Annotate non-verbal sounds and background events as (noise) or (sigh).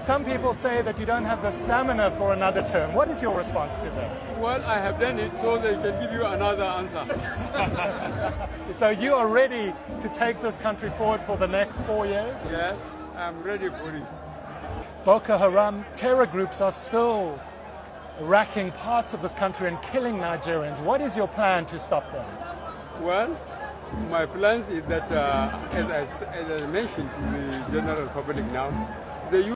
Some people say that you don't have the stamina for another term. What is your response to that? Well, I have done it so they can give you another answer. (laughs) so you are ready to take this country forward for the next four years? Yes, I'm ready for it. Boko Haram terror groups are still racking parts of this country and killing Nigerians. What is your plan to stop them? Well, my plan is that, uh, as, I, as I mentioned to the general public now,